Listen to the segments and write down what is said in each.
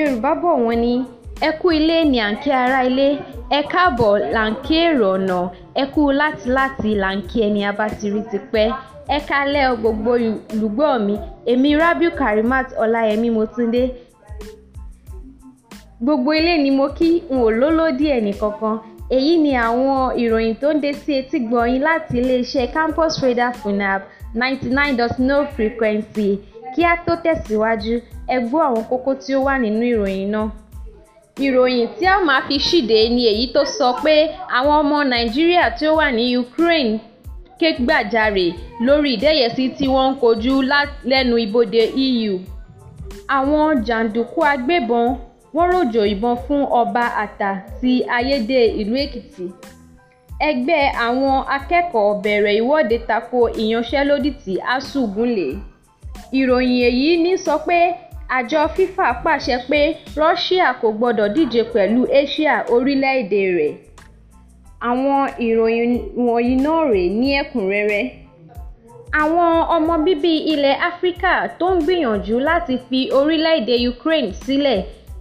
yorùbá bọ̀ wọ́n ní ẹ kú ilé ni à ń kí ara ilé ẹ káàbọ̀ là ń kí èrò ọ̀nà ẹ kú láti láti là ń kí ẹni abátiri ti pẹ́ ẹ kálẹ́ ọ gbogbo olùgbọ́ mi èmi rabiu karimat ọláyẹmí mọ́túndé gbogbo ilé ni mo kí n ò lólódì ẹnì kankan èyí ni àwọn ìròyìn tó ń dé sí etí gbọ̀nyìn láti iléeṣẹ́ campus radar funab ninety nine dot no frequency kí a tó tẹ̀síwájú ẹ gbọ́ àwọn kókó tí ó wà nínú ìròyìn náà. ìròyìn tí a máa fi ṣíde ni èyí tó sọ pé àwọn ọmọ nàìjíríà tí ó wà ní Ukraine ké gbàjarè lórí ìdẹ́yẹsí tí wọ́n ń kojú lẹ́nu ibodè EU. àwọn jàǹdùkú agbébọn wọ́n rọ̀jò ìbọn fún ọba àtà ti ayédè ìlú èkìtì ẹgbẹ́ àwọn akẹ́kọ̀ọ́ bẹ̀rẹ̀ ìwọ́de tako ìyanṣẹ́lódì tí asuu gúnlẹ̀ ìròyìn èyí ní sọ pé àjọ fifa pàṣẹ pé russia kò gbọdọ̀ díje pẹ̀lú asia orílẹ̀-èdè rẹ̀ àwọn ìròyìn wọ̀nyí náà rèé ní ẹ̀kúnrẹ́rẹ́ àwọn ọmọ bíbí ilẹ̀ áfíríkà tó ń gbìyànjú láti fi orílẹ̀-èdè ukraine sílẹ̀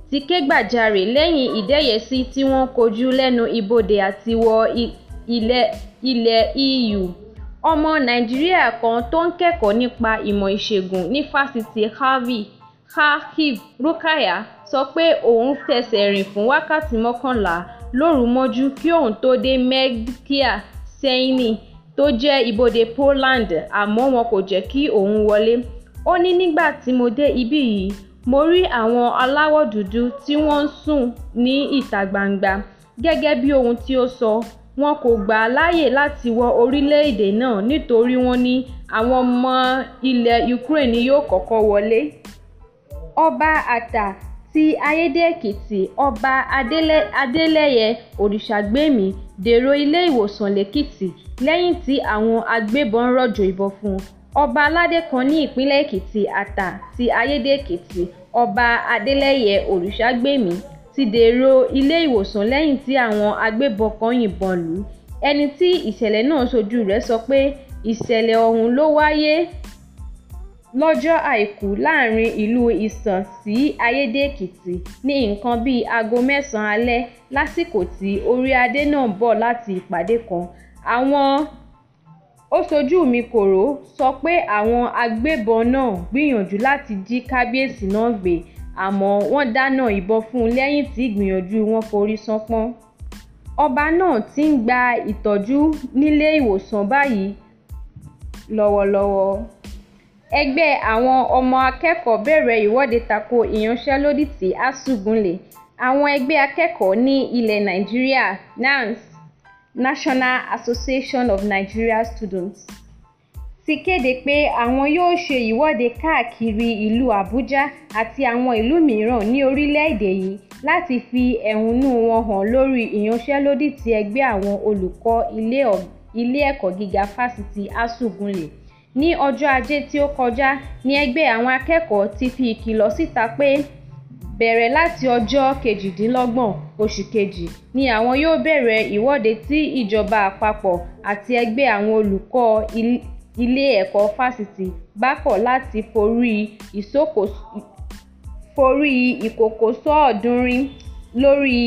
ti ké gbàjarè lẹ́yìn ìdẹ́yẹsí tí wọ́n kojú lẹ́nu ibodè àti wọ ilẹ̀ EU ọmọ nàìjíríà kan tó ń kẹ́kọ̀ọ́ nípa ìmọ̀ ìṣègùn ní fásitì harvey kharkiv rukaya sọ pé òun fẹsẹ̀ rìn fún wákàtí mọ́kànlá lóru mọ́jú kí òun tó dé mekkia sẹ́yìnì tó jẹ́ ibodè poland àmọ́ wọn kò jẹ́ kí òun wọlé ó ní nígbà tí mo dé ibí yìí mo rí àwọn aláwọ̀ dúdú tí wọ́n ń sùn ní ìta gbangba gẹ́gẹ́ bí ohun tí ó sọ wọn kò gbà á láàyè láti wọ orílẹ̀-èdè náà nítorí wọ́n ní àwọn ọmọ ilẹ̀ Ukraine ni yóò kọ́kọ́ wọlé. Ọba Àtà ti Ayédè-Èkìtì Ọba Adeleye Òrìṣàgbèmí dèrò ilé ìwòsàn lẹ́kìtì lẹ́yìn tí àwọn agbébọn rọ̀jò ìbọn fún un ọba aládé kan ní ìpínlẹ̀ Èkìtì Àtà ti Ayédè-Èkìtì Ọba Adeleye Òrìṣàgbèmí ti dèrò ilé ìwòsàn lẹ́yìn tí àwọn agbébọn kan yìnbọn lù ú ẹni tí ìṣẹ̀lẹ̀ náà ṣojú rẹ̀ sọ pé ìṣẹ̀lẹ̀ ọ̀hún ló wáyé lọ́jọ́ àìkú láàrin ìlú ìsàn sí ayédèkìtì ní nǹkan bíi aago mẹ́sàn-án alẹ́ lásìkò tí orí adé náà ń bọ̀ láti ìpàdé kan àwọn òṣojú mi kọ̀rọ̀ sọ pé àwọn agbébọn náà gbìyànjú láti jí kábíyèsí náà gbé àmọ́ wọ́n dáná ìbọn fún un lẹ́yìn tí ìgbìyànjú wọn forí sánpọ́n ọba náà ti ń gba ìtọ́jú nílé ìwòsàn báyìí lọ́wọ́lọ́wọ́ ẹgbẹ́ àwọn ọmọ akẹ́kọ̀ọ́ bẹ̀rẹ̀ ìwọ́de tako ìyanṣẹ́lódì tí asugunle. gúnlẹ̀ àwọn ẹgbẹ́ akẹ́kọ̀ọ́ ní ilẹ̀ Nàìjíríà NANS National Association of Nigeria Students ti kéde pé àwọn yóò ṣe ìwọ́de káàkiri ìlú Àbújá àti àwọn ìlú mìíràn ní orílẹ̀-èdè yìí láti fi ẹ̀hónú wọn hàn lórí ìyanṣẹ́lódì tí ẹgbẹ́ àwọn olùkọ́ ilé ẹ̀kọ́ gíga fásitì ASUU gùnlé. Ní ọjọ́ Ajé tí ó kọjá ní ẹgbẹ́ àwọn akẹ́kọ̀ọ́ ti fi ìkìlọ̀ síta pé bẹ̀rẹ̀ láti ọjọ́ kejìdínlọ́gbọ̀n oṣù kejì ni àwọn yóò bẹ̀rẹ̀ ìwọ́de tí ìjọba àpapọ̀ àti ẹgbẹ́ àwọn olùkọ́ ilé ẹ̀kọ́ fásitì bá kọ̀ láti forí ìkòkò sọ́ọ̀ọ́dúnrún lórí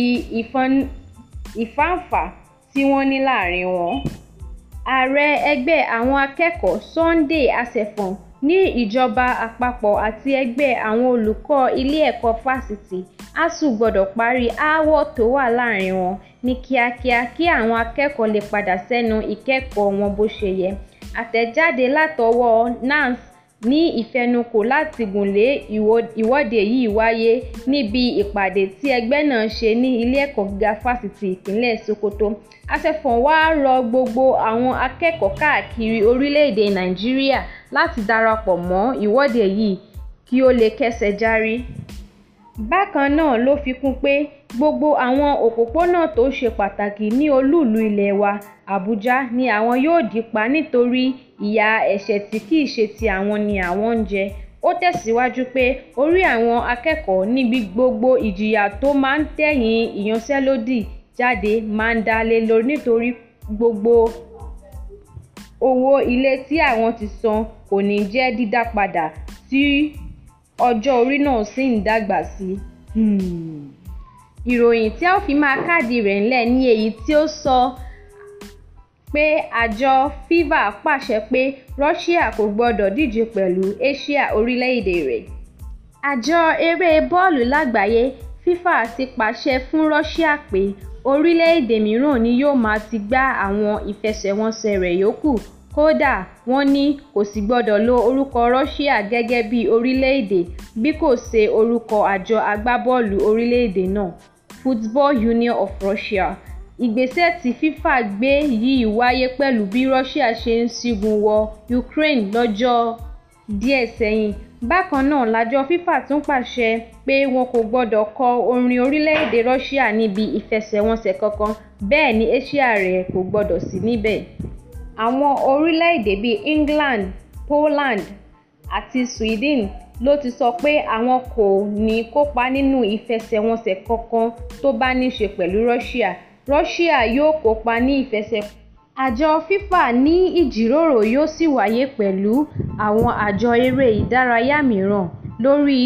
ìfáǹfà tí wọ́n ní láàrin wọn. ààrẹ ẹgbẹ́ àwọn akẹ́kọ̀ọ́ sunday àṣẹfọ́n ní ìjọba àpapọ̀ àti ẹgbẹ́ àwọn olùkọ́ ilé ẹ̀kọ́ fásitì asuu gbọ́dọ̀ parí aáwọ̀ tó wà láàrin wọn ní kíákíá kí àwọn akẹ́kọ̀ọ́ lè padà sẹ́nu ìkẹ́kọ̀ọ́ wọn bó ṣe yẹ Àtẹ̀jáde látọwọ́ Nance ní ìfẹnukò láti gùnlé ìwọ́de yìí wáyé níbi ìpàdé tí ẹgbẹ́ náà ṣe ní ilé ẹ̀kọ́ gíga fásitì ìpínlẹ̀ Sokoto. Afẹ́fọ́n wá rọ gbogbo àwọn akẹ́kọ̀ọ́ káàkiri orílẹ̀-èdè Nàìjíríà láti darapọ̀ mọ́ ìwọ́de yìí kí ó lè kẹ́sẹ̀ járí. Bákan náà ló fi kún pé Gbogbo àwọn òpópónà tó ṣe pàtàkì ní olú-ìlú ilẹ̀ wa, Abuja, ni àwọn yóò dí pa nítorí ìyà ẹ̀ṣẹ̀ tí kìí ṣe ti àwọn ni àwọn ń jẹ. Ó tẹ̀síwájú pé orí àwọn akẹ́kọ̀ọ́ ni gbogbo ìjìyà tó máa tẹ̀yìn ìyanṣẹ́lódì jáde máa dá lé lórí nítorí gbogbo owó ilé tí àwọn ti san kò ní jẹ́ dídá padà tí ọjọ́ orí náà sì ń dàgbà síi. Hmm ìròyìn tí a ó fi máa kádìí rẹ̀ ńlẹ̀ ni èyí tí ó sọ pé àjọ fifa pàṣẹ pé russia kò gbọdọ̀ díje pẹ̀lú asia orílẹ̀-èdè rẹ̀ àjọ eré bọ́ọ̀lù lágbàáyé fifa ti pàṣẹ fún russia pé orílẹ̀-èdè mìíràn ni yóò máa ti gbá àwọn ìfẹsẹ̀wọnsẹ̀ rẹ̀ yòókù kódà wọ́n ní kò sì gbọ́dọ̀ lo orúkọ Russia gẹ́gẹ́ bí orílẹ̀-èdè bí kò ṣe orúkọ àjọ agbábọ́ọ̀lù orílẹ̀-èdè náà Football Union of Russia. Ìgbésẹ̀ tí FIFA gbé yìí wáyé pẹ̀lú bí Russia ṣe ń ṣígun wọ Ukraine lọ́jọ́ díẹ̀ sẹ́yìn. Bákan náà làjọ FIFA tún pàṣẹ pé wọn kò gbọdọ̀ kọ orin orílẹ̀-èdè Russia níbi ìfẹsẹ̀wọnsẹ̀ kankan, bẹ́ẹ̀ ni àsíá rẹ̀ kò gbọdọ̀ sí níbẹ̀. Àwọn orílẹ̀-èdè bíi England, Poland àti Sweden ló ti sọ pé àwọn kò ní kópa nínú ìfẹsẹ̀wọnsẹ̀ kankan tó bá ní ṣe pẹ̀lú Russia Russia yóò kópa ní ìfẹsẹ̀wọnsẹ̀ àjọ FIFA ní ìjíròrò yóò sì wáyé pẹ̀lú àwọn àjọ eré ìdárayá mìíràn lórí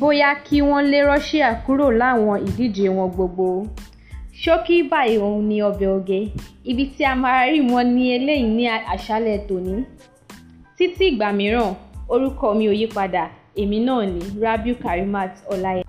bóyá kí wọ́n lé Russia kúrò láwọn ìdíje wọn gbogbo ṣókí báyìí òun ni ọbẹ̀ oge ibi tí a máa rí wọn ní eléyìí ní àṣálẹ́ tòní títí ìgbà mìíràn orúkọ mi ò yí padà èmi náà ní Rabiu Karimat Ọláíyà